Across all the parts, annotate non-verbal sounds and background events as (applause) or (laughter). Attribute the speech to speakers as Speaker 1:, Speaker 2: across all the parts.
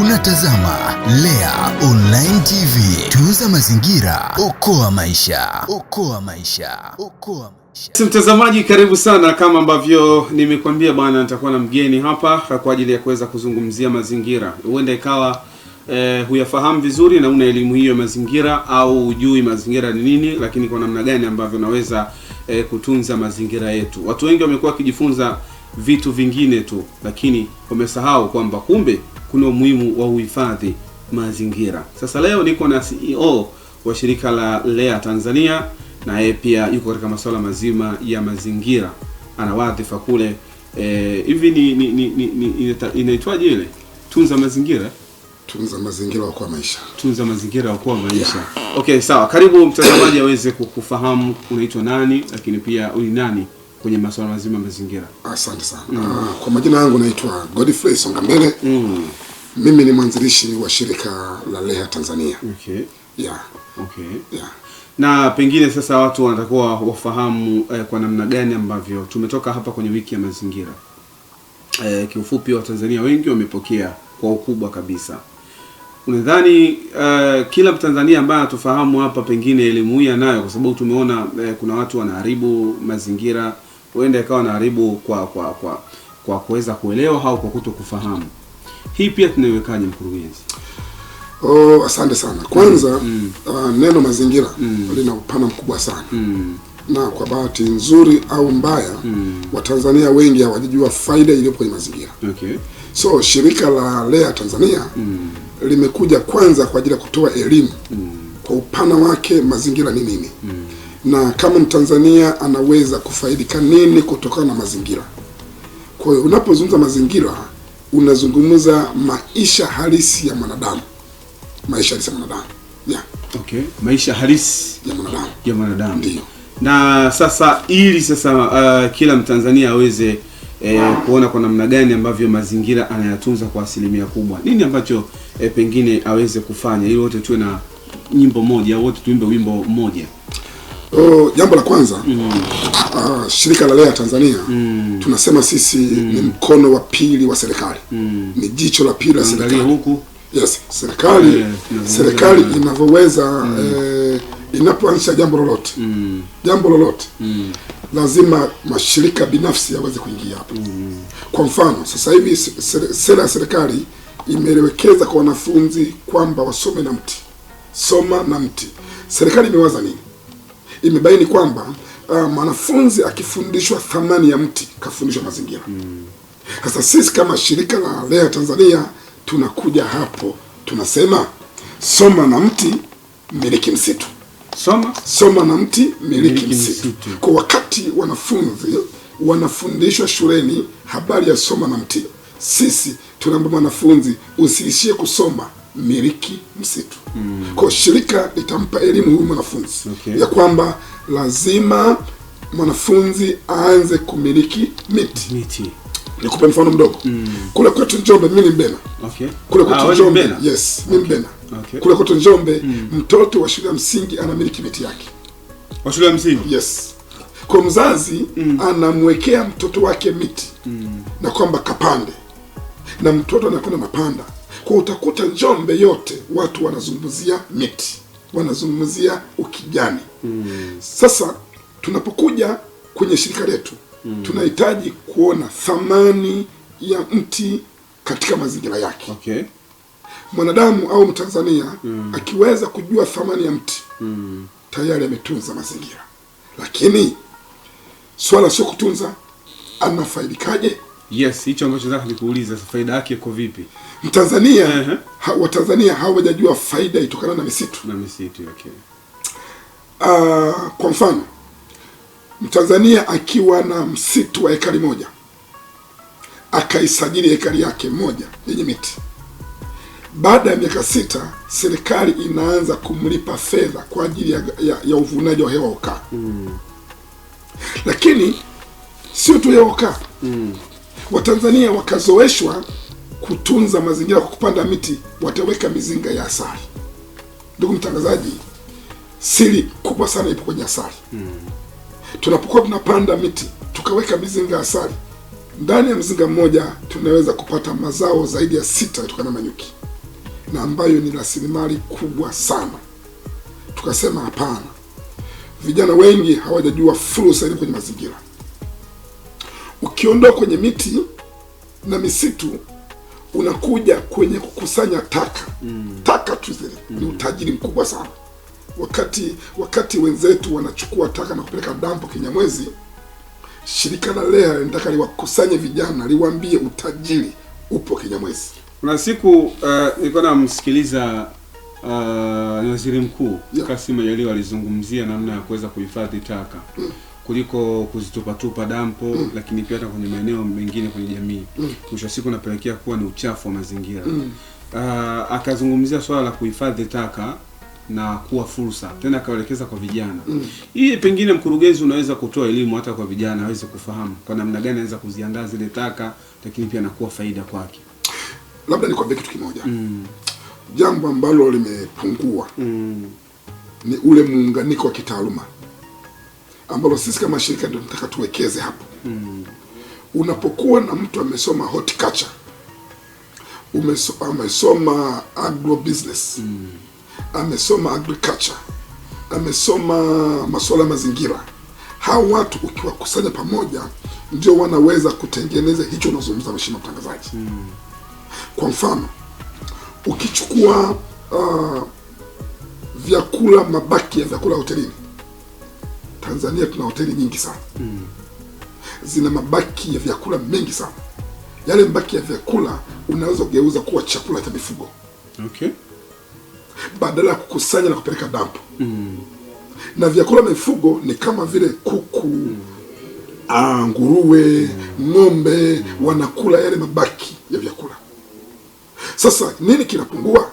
Speaker 1: Unatazama Lea Online TV. Tuuza mazingira, okoa maisha, okoa maisha, okoa maisha. Mtazamaji, karibu sana. Kama ambavyo nimekuambia bwana, nitakuwa na mgeni hapa kwa ajili ya kuweza kuzungumzia mazingira. Huenda ikawa eh, huyafahamu vizuri na una elimu hiyo ya mazingira au hujui mazingira ni nini, lakini kwa namna gani ambavyo unaweza eh, kutunza mazingira yetu. Watu wengi wamekuwa wakijifunza vitu vingine tu, lakini wamesahau kwamba kumbe kuna umuhimu wa uhifadhi mazingira. Sasa leo niko na CEO wa shirika la LEA Tanzania, na yeye pia yuko katika masuala mazima ya mazingira, ana wadhifa kule eh, hivi. E, ni, ni, ni, ni, ni inaitwaje ile, tunza mazingira
Speaker 2: tunza mazingira wakoa maisha,
Speaker 1: tunza mazingira wakoa maisha. Okay, sawa. Karibu mtazamaji aweze kukufahamu unaitwa nani, lakini pia uni nani kwenye masuala mazima mazingira.
Speaker 2: Asante sana. Mm. Kwa majina yangu naitwa Godfrey Songambele. Mm. Mimi ni mwanzilishi wa shirika la Leha Tanzania. Okay. Yeah. Okay. Yeah.
Speaker 1: Na pengine sasa watu wanatakiwa wafahamu eh, kwa namna gani ambavyo tumetoka hapa kwenye wiki ya mazingira. Eh, kiufupi Watanzania wengi wamepokea kwa ukubwa kabisa. Unadhani uh, kila Mtanzania ambaye anatufahamu hapa pengine elimu hii anayo, kwa sababu tumeona uh, kuna watu wanaharibu mazingira huenda ikawa naharibu kwa kwa kwa kwa kuweza kuelewa au kwa kuto kufahamu. Hii pia tunaiwekaje, mkurugenzi?
Speaker 2: Oh, asante sana. Kwanza mm. Uh, neno mazingira mm. lina upana mkubwa sana mm. na kwa bahati nzuri au mbaya mm. Watanzania wengi hawajijua faida iliyopo kwenye mazingira okay. So shirika la Lea Tanzania mm. limekuja kwanza kwa ajili ya kutoa elimu mm. kwa upana wake mazingira ni nini mm na kama Mtanzania anaweza kufaidika nini kutokana na mazingira. Kwa hiyo unapozungumza mazingira, unazungumza maisha halisi ya mwanadamu, maisha halisi ya mwanadamu
Speaker 1: yeah. Okay, maisha halisi
Speaker 2: ya mwanadamu ya mwanadamu ndio.
Speaker 1: Na sasa ili sasa uh, kila Mtanzania aweze eh, kuona kwa namna gani ambavyo mazingira anayatunza kwa asilimia kubwa, nini ambacho eh, pengine aweze kufanya ili wote tuwe na nyimbo moja, wote tuimbe wimbo mmoja
Speaker 2: Oh, jambo la kwanza mm. Uh, shirika la Lea Tanzania mm. tunasema sisi mm. ni mkono wa pili wa serikali mm. ni jicho la pili la serikali huku. Yes, serikali yeah, serikali yeah. inavyoweza mm. eh, inapoanzisha jambo lolote mm. jambo lolote mm. lazima mashirika binafsi yaweze kuingia hapa mm. kwa mfano sasa hivi sera ya serikali imeelekeza kwa wanafunzi kwamba wasome na mti, soma na mti. Serikali imewaza nini? imebaini kwamba uh, mwanafunzi akifundishwa thamani ya mti kafundishwa mazingira. Hmm. Sasa mm. sisi kama shirika la REA Tanzania tunakuja hapo, tunasema soma na mti, miliki msitu. Soma, soma na mti, miliki, miliki msitu. msitu. Kwa wakati wanafunzi wanafundishwa shuleni habari ya soma na mti, sisi tunaomba mwanafunzi usiishie kusoma miliki msitu mm. Kwa shirika litampa elimu huyu mwanafunzi okay, ya kwamba lazima mwanafunzi aanze kumiliki miti, miti. Nikupe mfano mdogo mm. Kule kwetu Njombe, mimi ni Mbena okay. Kule kwetu ah, Njombe Mbena. Yes, mimi okay. Mbena okay. Kule kwetu Njombe mm. Mtoto wa shule ya msingi anamiliki miti yake
Speaker 1: wa shule ya msingi
Speaker 2: yes. Kwa mzazi mm. anamwekea mtoto wake miti mm. na kwamba kapande na mtoto anakwenda napanda kwa utakuta Njombe yote watu wanazungumzia miti, wanazungumzia ukijani mm. Sasa tunapokuja kwenye shirika letu mm. tunahitaji kuona thamani ya mti katika mazingira yake okay. Mwanadamu au Mtanzania mm. akiweza kujua thamani ya mti mm. tayari ametunza mazingira, lakini swala sio kutunza, anafaidikaje?
Speaker 1: Yes, hicho ambacho nataka nikuuliza faida yake iko vipi?
Speaker 2: Mtanzania, uh -huh. Watanzania hawajajua faida itokana na misitu.
Speaker 1: Na misitu okay.
Speaker 2: Uh, kwa mfano Mtanzania akiwa na msitu wa ekari moja akaisajili ekari yake moja yenye miti, baada ya miaka sita serikali inaanza kumlipa fedha kwa ajili ya, ya, ya uvunaji wa hewa ukaa mm. Lakini sio tu hewa ukaa mm. Watanzania wakazoeshwa kutunza mazingira kwa kupanda miti, wataweka mizinga ya asali. Ndugu mtangazaji, siri kubwa sana ipo kwenye asali. Mm. Tunapokuwa tunapanda miti tukaweka mizinga ya asali, ndani ya mzinga mmoja tunaweza kupata mazao zaidi ya sita kutokana na manyuki, na ambayo ni rasilimali kubwa sana. Tukasema hapana, vijana wengi hawajajua fursa ile kwenye mazingira ukiondoa kwenye miti na misitu unakuja kwenye kukusanya taka mm. taka tu zile mm. ni utajiri mkubwa sana. Wakati wakati wenzetu wanachukua taka na kupeleka dampo Kinyamwezi, shirika la REA linataka liwakusanye vijana liwaambie utajiri upo Kinyamwezi.
Speaker 1: Kuna siku uh, nilikuwa uh, namsikiliza uh, waziri mkuu yeah. Kassim Majaliwa alizungumzia namna ya kuweza kuhifadhi taka mm kuliko kuzitupatupa dampo, mm. lakini pia hata kwenye maeneo mengine kwenye jamii, mm. mwisho wa siku napelekea kuwa ni uchafu wa mazingira. mm. Uh, akazungumzia swala la kuhifadhi taka na kuwa fursa tena, akaelekeza kwa vijana mm. hii mm. pengine mkurugenzi, unaweza kutoa elimu hata kwa vijana aweze kufahamu kwa namna gani anaweza kuziandaa zile taka, lakini pia nakuwa faida kwake.
Speaker 2: Labda nikwambie kitu kimoja mm. jambo ambalo limepungua mm. ni ule muunganiko wa kitaaluma mm ambalo sisi kama shirika ndio tunataka tuwekeze hapo mm. Unapokuwa na mtu amesoma horticulture, amesoma agro business mm. amesoma agriculture, amesoma masuala ya mazingira, hao watu ukiwakusanya pamoja ndio wanaweza kutengeneza hicho unazungumza, mheshimiwa mtangazaji mm. Kwa mfano ukichukua uh, vyakula, mabaki ya vyakula hotelini Tanzania tuna hoteli nyingi sana mm. zina mabaki ya vyakula mengi sana. Yale mabaki ya vyakula unaweza kugeuza kuwa chakula cha mifugo okay. badala ya kukusanya na kupeleka dampo mm. na vyakula vya mifugo ni kama vile kuku mm. Ah, nguruwe, ng'ombe wanakula yale mabaki ya vyakula. Sasa nini kinapungua?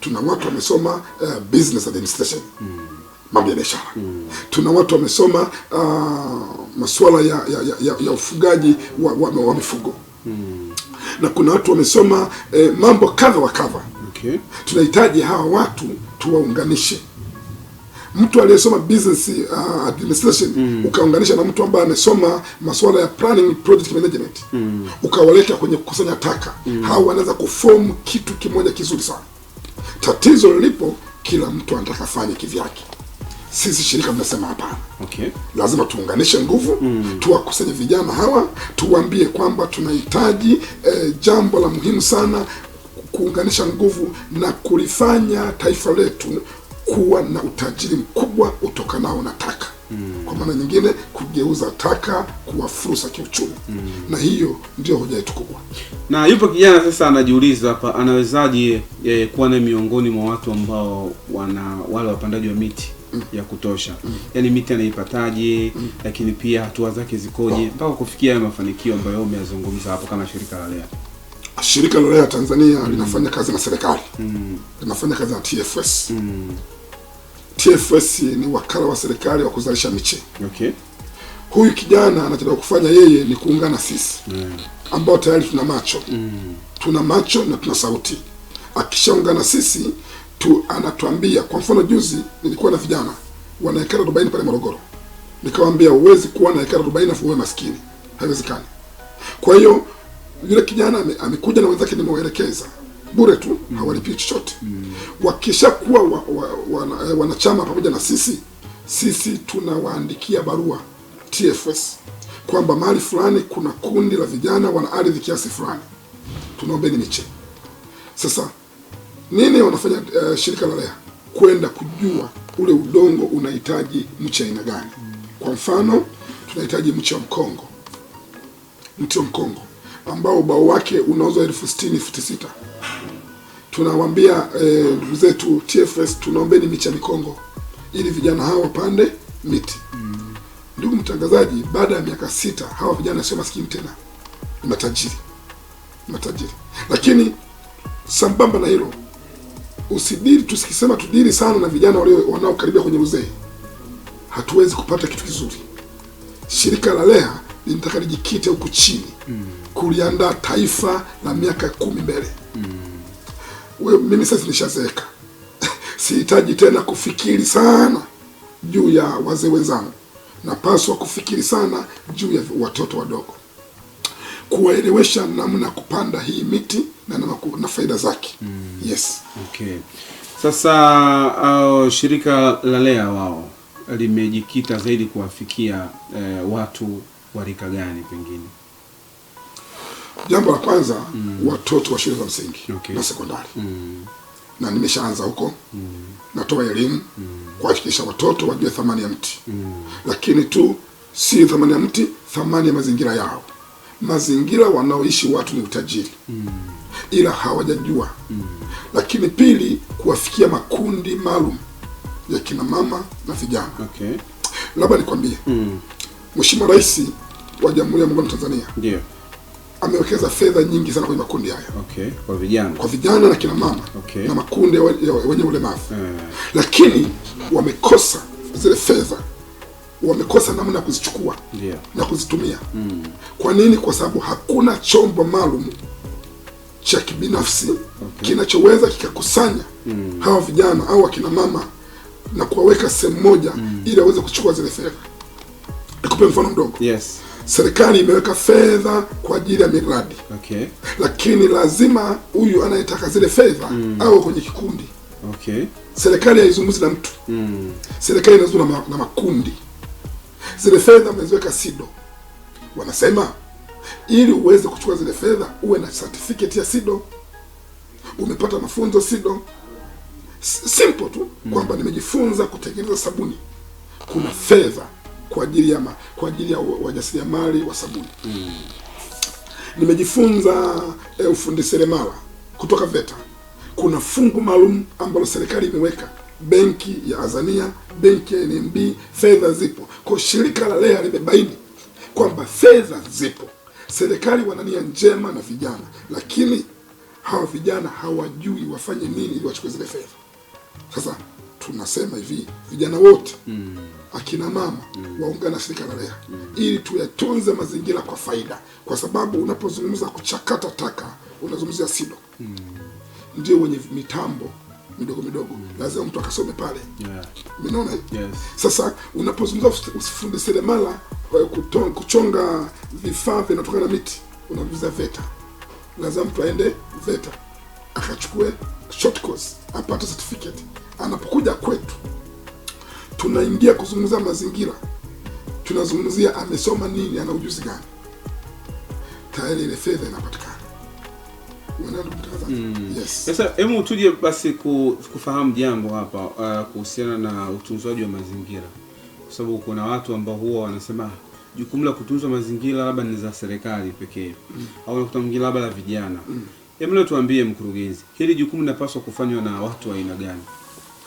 Speaker 2: Tuna watu wamesoma uh, business administration mm mambo ya biashara mm. Tuna watu wamesoma ah, masuala ya, ya, ya, ya ufugaji wa, wa, wa mifugo mm. Na kuna watu wamesoma eh, mambo kadha wa kadha okay. Tunahitaji hawa watu tuwaunganishe mtu aliyesoma business uh, administration mm. ukaunganisha na mtu ambaye amesoma masuala ya planning project management mm. ukawaleta kwenye kukusanya taka mm. hao wanaweza kuform kitu kimoja kizuri sana. Tatizo lilipo, kila mtu anataka fanye kivyake sisi shirika tunasema hapana. Okay. Lazima tuunganishe nguvu mm. tuwakusanye vijana hawa tuwaambie kwamba tunahitaji e, jambo la muhimu sana kuunganisha nguvu na kulifanya taifa letu kuwa na utajiri mkubwa utokanao na taka mm. Kwa maana nyingine kugeuza taka kuwa fursa kiuchumi mm. Na hiyo ndio hoja yetu kubwa.
Speaker 1: Na yupo kijana sasa anajiuliza hapa, anawezaje eh, kuwa na miongoni mwa watu ambao wana wale wapandaji wa miti ya kutosha Yaani miti anaipataje? Lakini pia hatua zake zikoje mpaka kufikia mafanikio ambayo umeyazungumza hapo, kama shirika la LEA?
Speaker 2: Shirika la LEA Tanzania mm. linafanya kazi na serikali mm. linafanya kazi na TFS mm. TFS ni wakala wa serikali wa kuzalisha miche. Okay. Huyu kijana anataka kufanya yeye ni kuungana sisi mm. ambao tayari tuna macho mm. tuna macho na tuna sauti. Akishaungana sisi tu anatuambia. Kwa mfano, juzi nilikuwa na vijana wana hekari 40 pale Morogoro, nikawaambia huwezi kuwa na hekari 40 afu uwe maskini, haiwezekani. Kwa hiyo yule kijana amekuja na wenzake, nimewaelekeza bure tu, mm. hawalipii chochote. Mm. Wakishakuwa wa, wa, wa, eh, wanachama pamoja na sisi, sisi tunawaandikia barua TFS kwamba mahali fulani kuna kundi la vijana wana ardhi kiasi fulani, tunaombeni miche sasa nini wanafanya uh, shirika la REA kwenda kujua ule udongo unahitaji mche aina gani. Kwa mfano tunahitaji mche wa mkongo, mti wa mkongo ambao ubao wake unauzwa elfu sitini futi sita. Tunawaambia eh, ndugu eh, zetu TFS, tunaombeni miche ya mikongo ili vijana hawa wapande miti. Mm. Ndugu mtangazaji, baada ya miaka sita hawa vijana sio maskini tena, matajiri, matajiri. Lakini sambamba na hilo usidiri, tusikisema tudiri sana na vijana wale wanaokaribia kwenye uzee, hatuwezi kupata kitu kizuri. Shirika la Leha linataka lijikite huku chini mm. kuliandaa taifa la miaka kumi mbele mm. We, mimi sasa nishazeeka (laughs) sihitaji tena kufikiri sana juu ya wazee wenzangu, napaswa kufikiri sana juu ya watoto wadogo kuwaelewesha namna kupanda hii miti na na faida zake. mm.
Speaker 1: Yes, okay. Sasa uh, shirika la LEA wao limejikita zaidi kuwafikia uh, watu wa rika gani? Pengine
Speaker 2: jambo la kwanza mm. watoto wa shule za msingi okay. na sekondari mm. na nimeshaanza huko mm. natoa elimu mm. kuhakikisha watoto wajue thamani ya mti mm. lakini tu si thamani ya mti, thamani ya mazingira yao mazingira wanaoishi watu ni utajiri mm. ila hawajajua mm. Lakini pili, kuwafikia makundi maalum ya kina mama na vijana okay. Labda nikwambie mm. Rais wa Jamhuri ya Muungano Tanzania yeah. amewekeza fedha nyingi sana kwenye makundi haya
Speaker 1: okay, kwa vijana kwa
Speaker 2: vijana na kina mama okay, na makundi wenye ulemavu uh. Lakini wamekosa zile fedha wamekosa namna ya kuzichukua yeah, na kuzitumia mm. Kwa nini? Kwa sababu hakuna chombo maalum cha kibinafsi okay, kinachoweza kikakusanya mm. hawa vijana au akina mama na kuwaweka sehemu moja mm. ili aweze kuchukua zile fedha. Nikupe mfano mdogo. Yes. Serikali imeweka fedha kwa ajili ya miradi okay, lakini lazima huyu anayetaka zile fedha mm. au kwenye kikundi okay. Serikali haizungumzi na mtu mm. Serikali inazungumza na makundi Zile fedha mmeziweka SIDO, wanasema ili uweze kuchukua zile fedha uwe na certificate ya SIDO, umepata mafunzo SIDO. Simple tu mm. kwamba nimejifunza kutengeneza sabuni, kuna fedha kwa ajili ya kwa ajili ya wajasiriamali wa sabuni mm. Nimejifunza eh, ufundi seremala kutoka VETA. Kuna fungu maalum ambalo serikali imeweka benki ya Azania, benki ya NMB, fedha zipo. Kwa shirika la REA limebaini kwamba fedha zipo, serikali wana nia njema na vijana, lakini hawa vijana hawajui wafanye nini ili wachukue zile fedha. Sasa tunasema hivi, vijana wote mm. akina mama mm. waungana na shirika la REA mm. ili tuyatunze mazingira kwa faida, kwa sababu unapozungumza kuchakata taka unazungumzia SIDO mm. ndio wenye mitambo midogo midogo mm. lazima mtu akasome pale
Speaker 1: yeah. Yes.
Speaker 2: Sasa unapozungumza usifunde seremala kuchonga vifaa vinatokana na miti, unaguza VETA, lazima mtu aende VETA akachukue short course apate certificate. Anapokuja kwetu tunaingia kuzungumza mazingira, tunazungumzia amesoma nini, ana ujuzi gani, tayari ile fedha inapatikana mm. Yes.
Speaker 1: Sasa hebu tuje basi kufahamu jambo hapa uh, kuhusiana na utunzaji wa mazingira, kwa sababu kuna watu ambao huwa wanasema jukumu la kutunza mazingira labda ni za serikali pekee mm. au nakuta mwingine labda la vijana mm. Hebu leo tuambie mkurugenzi, hili jukumu linapaswa kufanywa na watu wa aina gani?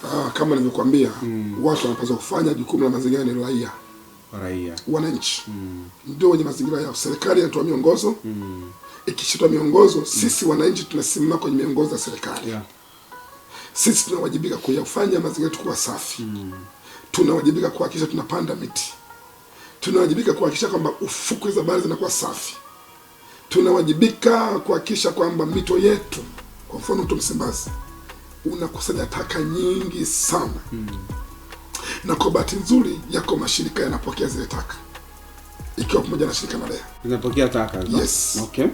Speaker 2: Ah, kama nilivyokuambia mm. watu wanapaswa kufanya jukumu la mazingira ni raia raia wananchi mm. ndio wenye mazingira yao. Serikali inatoa miongozo mm ikishitwa miongozo mm. Sisi wananchi tunasimama kwenye miongozo ya serikali yeah. Sisi tunawajibika kuyafanya mazingira yetu kuwa safi mm. Tunawajibika kuhakikisha tunapanda miti, tunawajibika kuhakikisha kwamba ufukwe za bahari zinakuwa safi, tunawajibika kuhakikisha kwamba mito yetu, kwa mfano mto Msimbazi unakusanya taka nyingi sana mm. na kwa bahati nzuri yako mashirika yanapokea zile taka ikiwa pamoja na shirika la REA
Speaker 1: linapokea taka. Yes. Okay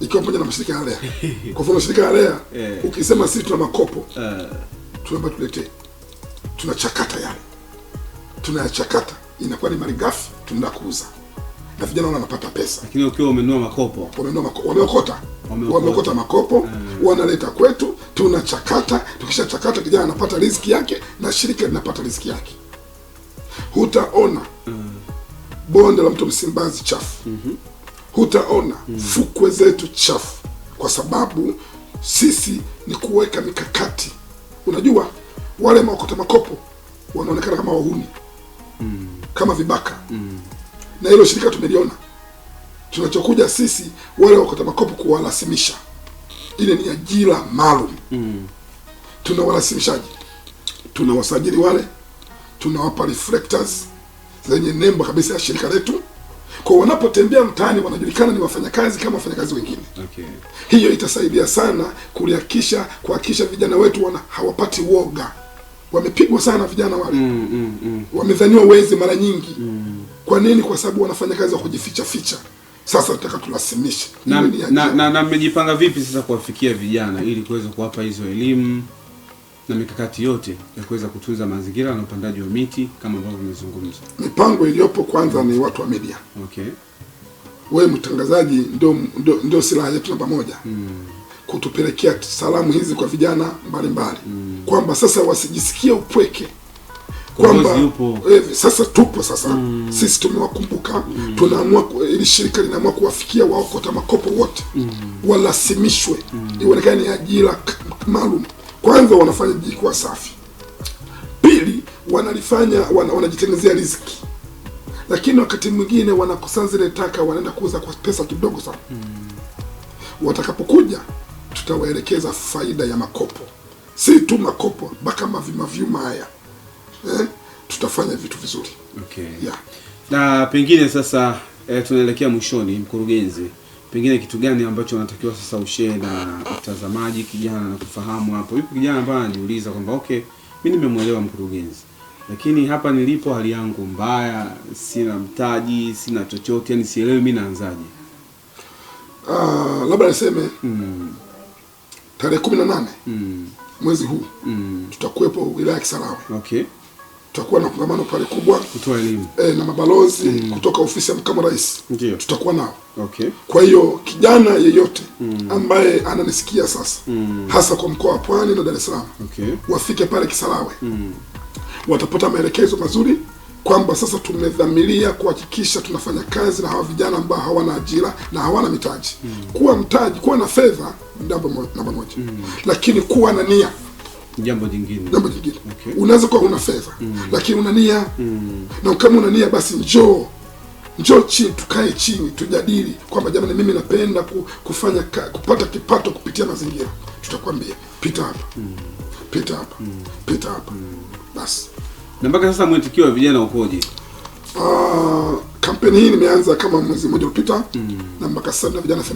Speaker 2: ikiwa pamoja na mashirika ya REA. Kwa mfano shirika la REA eh. Ukisema sisi tuna makopo uh. Eh. tuomba tulete, tunachakata yale, tunayachakata inakuwa ni malighafi, tunaenda kuuza na vijana wanapata pesa.
Speaker 1: Lakini ukiwa umenunua makopo,
Speaker 2: wamenunua makopo, wameokota wameokota makopo uh. Wanaleta kwetu, tunachakata. Tukishachakata kijana anapata riziki yake na shirika linapata riziki yake. Hutaona uh. Bonde la mto Msimbazi chafu uh mhm. -huh hutaona mm. fukwe zetu chafu, kwa sababu sisi ni kuweka mikakati. Unajua wale maokota makopo wanaonekana kama wahuni mm. kama vibaka mm. na hilo shirika tumeliona. Tunachokuja sisi wale waokota makopo kuwalasimisha ile ni ajira maalum mm. tuna walasimishaji tuna wasajili wale, tunawapa reflectors zenye nembo kabisa ya shirika letu kwa wanapotembea mtaani wanajulikana ni wafanyakazi kama wafanyakazi wengine. Okay. Hiyo itasaidia sana kuhakikisha kuhakikisha vijana wetu wana hawapati woga. Wamepigwa sana vijana wale. Mm, mm, mm. Wamedhaniwa wezi mara nyingi. Mm. Kwa nini? Kwa sababu wanafanya kazi ya kujificha ficha. Sasa tutaka tulasimishe.
Speaker 1: Na mmejipanga vipi sasa kuwafikia vijana ili kuweza kuwapa hizo elimu na mikakati yote ya kuweza kutunza mazingira na upandaji wa miti kama ambavyo mmezungumza.
Speaker 2: Mipango iliyopo kwanza ni watu wa media. Okay. Wewe mtangazaji ndio ndio silaha yetu namba moja. Mm. Kutupelekea salamu hizi kwa vijana mbalimbali. Mm. Kwamba sasa wasijisikie upweke. Kwamba eh, sasa tupo sasa. Mm. Sisi tumewakumbuka. Mm. Tunaamua ili shirika linaamua kuwafikia waokota makopo wote. Mm. Walasimishwe. Mm. Iwe ni ajira maalum. Kwanza wanafanya jiji kuwa safi, pili wanalifanya wana, wanajitengenezea riziki, lakini wakati mwingine wanakusanya zile taka, wanaenda kuuza kwa pesa kidogo sana mm. Watakapokuja tutawaelekeza faida ya makopo, si tu makopo mpaka mavyuma vyuma haya eh? Tutafanya vitu vizuri
Speaker 1: okay. yeah. na pengine sasa eh, tunaelekea mwishoni, mkurugenzi pengine kitu gani ambacho unatakiwa sasa ushee na mtazamaji kijana na kufahamu hapo? Yupo kijana ambaye anajiuliza kwamba okay, mimi nimemwelewa mkurugenzi, lakini hapa nilipo hali yangu mbaya, sina mtaji, sina chochote, yani sielewi mimi naanzaje.
Speaker 2: Uh, labda niseme mm. tarehe kumi na nane mm. mwezi huu mm. tutakuwepo wilaya ya Kisarawe. Okay tutakuwa na kongamano pale kubwa
Speaker 1: kutoa elimu
Speaker 2: e, na mabalozi mm. kutoka ofisi ya makamu rais ndio tutakuwa nao. Okay, kwa hiyo kijana yeyote mm. ambaye ananisikia sasa mm. hasa kwa mkoa wa Pwani na Dar es Salaam okay, wafike pale Kisarawe mm. watapata maelekezo mazuri kwamba sasa tumedhamiria kuhakikisha tunafanya kazi na hawa vijana ambao hawana ajira na hawana mitaji mm. kuwa mtaji kuwa na fedha namba moja mm. lakini kuwa na nia
Speaker 1: jambo jingine,
Speaker 2: jambo jingine. Okay. Unaweza kuwa una fedha mm. lakini una nia mm. na kama una nia basi njoo njoo chini tukae chini tujadili kwamba jamani, mimi napenda kufanya kupata kipato kupitia mazingira. Tutakwambia pita hapa mm. pita hapa mm. pita hapa mm. basi.
Speaker 1: Na mpaka sasa mwitikio wa vijana ukoje?
Speaker 2: Uh, kampeni hii nimeanza kama mwezi mmoja kupita mm. na mpaka sasa na vijana 80.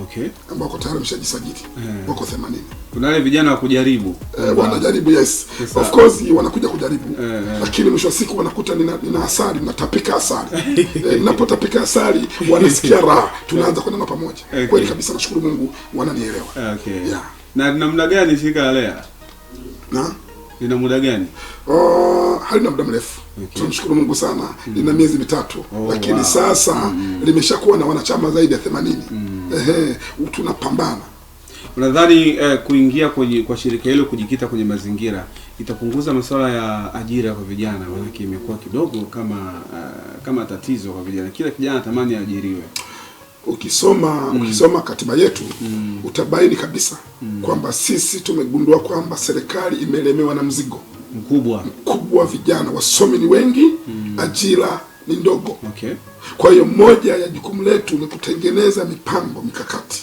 Speaker 2: Okay. Ambao wako tayari wameshajisajili. Yeah. Wako 80.
Speaker 1: Kuna wale vijana wa kujaribu.
Speaker 2: Eh, wanajaribu yes. Sisa. Of course wanakuja kujaribu. Yeah, eh. Lakini mwisho wa siku wanakuta nina, nina asali, natapika asali. (laughs) eh, ninapotapika asali wanasikia raha. Tunaanza kwenda pamoja. Okay. Kweli kabisa nashukuru Mungu wananielewa.
Speaker 1: Okay. Yeah. Na namna gani shirika la Lea? Na ina muda gani?
Speaker 2: Oh, ah, halina muda mrefu. Okay. Tunamshukuru Mungu sana. Mm. Lina miezi mitatu. Oh, lakini wow. Sasa mm. limeshakuwa na wanachama zaidi ya 80. Mm. Ehe, tunapambana.
Speaker 1: Unadhani eh, kuingia kwenye kwa shirika hilo kujikita kwenye mazingira itapunguza masuala ya ajira kwa vijana? Maanake imekuwa kidogo kama uh, kama tatizo kwa vijana. Kila kijana anatamani aajiriwe
Speaker 2: ukisoma mm. ukisoma katiba yetu mm. utabaini kabisa mm. kwamba sisi tumegundua kwamba serikali imelemewa na mzigo mkubwa mkubwa, vijana wasomi ni wengi mm. ajira ni ndogo. Okay. Kwa hiyo moja ya jukumu letu ni kutengeneza mipango mikakati.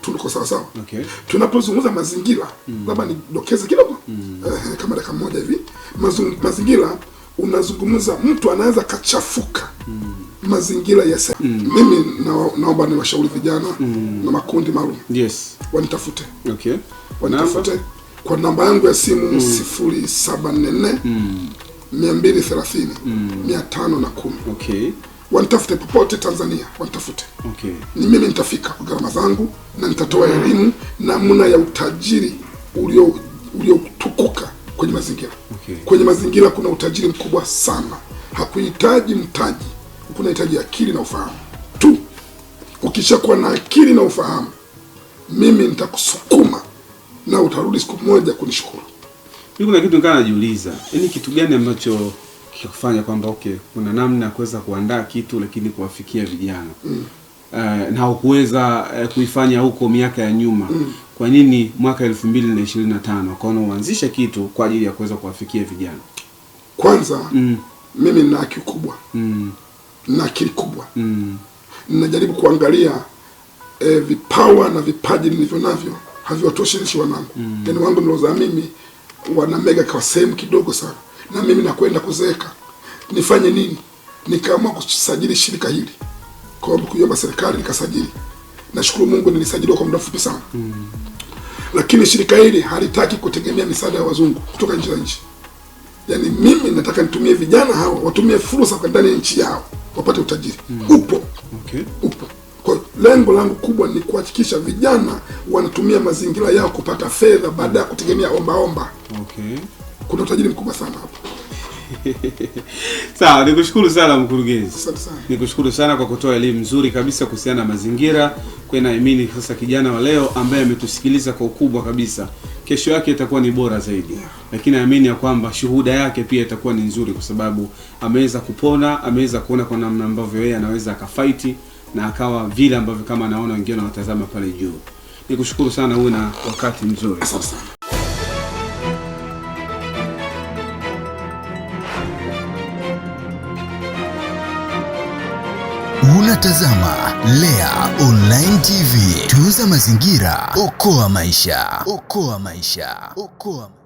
Speaker 2: Tuko sawa sawa. Okay. Tunapozungumza mazingira mm. labda nidokeze kidogo mm. eh, kama dakika moja hivi. Mazingira unazungumza mtu anaweza kachafuka mm mazingira ya sasa. Mm. Mimi na, naomba niwashauri vijana mm. na makundi maalum. Yes. Wanitafute. Okay. Wanitafute namba? Kwa namba yangu ya simu mm. 0744 mm. 230 mm. 510. Okay. Wanitafute popote Tanzania, wanitafute.
Speaker 1: Okay. Ni
Speaker 2: mimi nitafika kwa gharama zangu na nitatoa elimu namna ya utajiri ulio uliotukuka kwenye mazingira. Okay. Kwenye mazingira kuna utajiri mkubwa sana. Hakuhitaji mtaji kunahitaji akili na ufahamu tu. Ukishakuwa na akili na ufahamu, mimi nitakusukuma na utarudi siku moja kunishukuru.
Speaker 1: Mimi kuna kitu nikaa najiuliza, yaani kitu gani ambacho kikufanya kwamba okay, kuna namna ya kuweza kuandaa kitu lakini kuwafikia vijana mm. Uh, na hukuweza uh, kuifanya huko miaka ya nyuma mm. Kwa nini mwaka elfu mbili na ishirini na tano ukaona uanzishe kitu kwa ajili ya kuweza kuwafikia vijana?
Speaker 2: Kwanza mm. mimi nina haki kubwa mm na akili kubwa mm. najaribu kuangalia e, vipawa na vipaji nilivyo navyo haviwatoshirishi wanangu mm. Yani wangu niliozaa mimi wana mega kwa sehemu kidogo sana, na mimi nakwenda kuzeeka. Nifanye nini? Nikaamua kusajili shirika hili kwamba kuiomba serikali nikasajili. Nashukuru Mungu nilisajiliwa kwa muda mfupi sana mm. Lakini shirika hili halitaki kutegemea misaada ya wazungu kutoka nje za nchi. yaani mimi nataka nitumie vijana hawa watumie fursa kwa ndani ya nchi yao wapate utajiri mm. Upo
Speaker 1: okay. Upo.
Speaker 2: Kwa lengo langu kubwa ni kuhakikisha vijana wanatumia mazingira yao kupata fedha baada ya kutegemea ombaomba. Okay. Kuna utajiri mkubwa sana hapo.
Speaker 1: (laughs) Sawa, nikushukuru sana mkurugenzi. sana. Nikushukuru sana kwa kutoa elimu nzuri kabisa kuhusiana na mazingira. Kwa naamini sasa kijana wa leo ambaye ametusikiliza kwa ukubwa kabisa kesho yake itakuwa ni bora zaidi, lakini naamini ya kwamba shuhuda yake pia itakuwa ni nzuri, kwa sababu ameweza kupona, ameweza kuona kwa namna ambavyo yeye anaweza akafaiti na akawa vile ambavyo kama anaona wengine wanatazama pale juu. Nikushukuru sana, uwe na wakati mzuri
Speaker 2: sasa. Tazama Lea Online TV, tuuza mazingira, okoa maisha, okoa maisha, okoa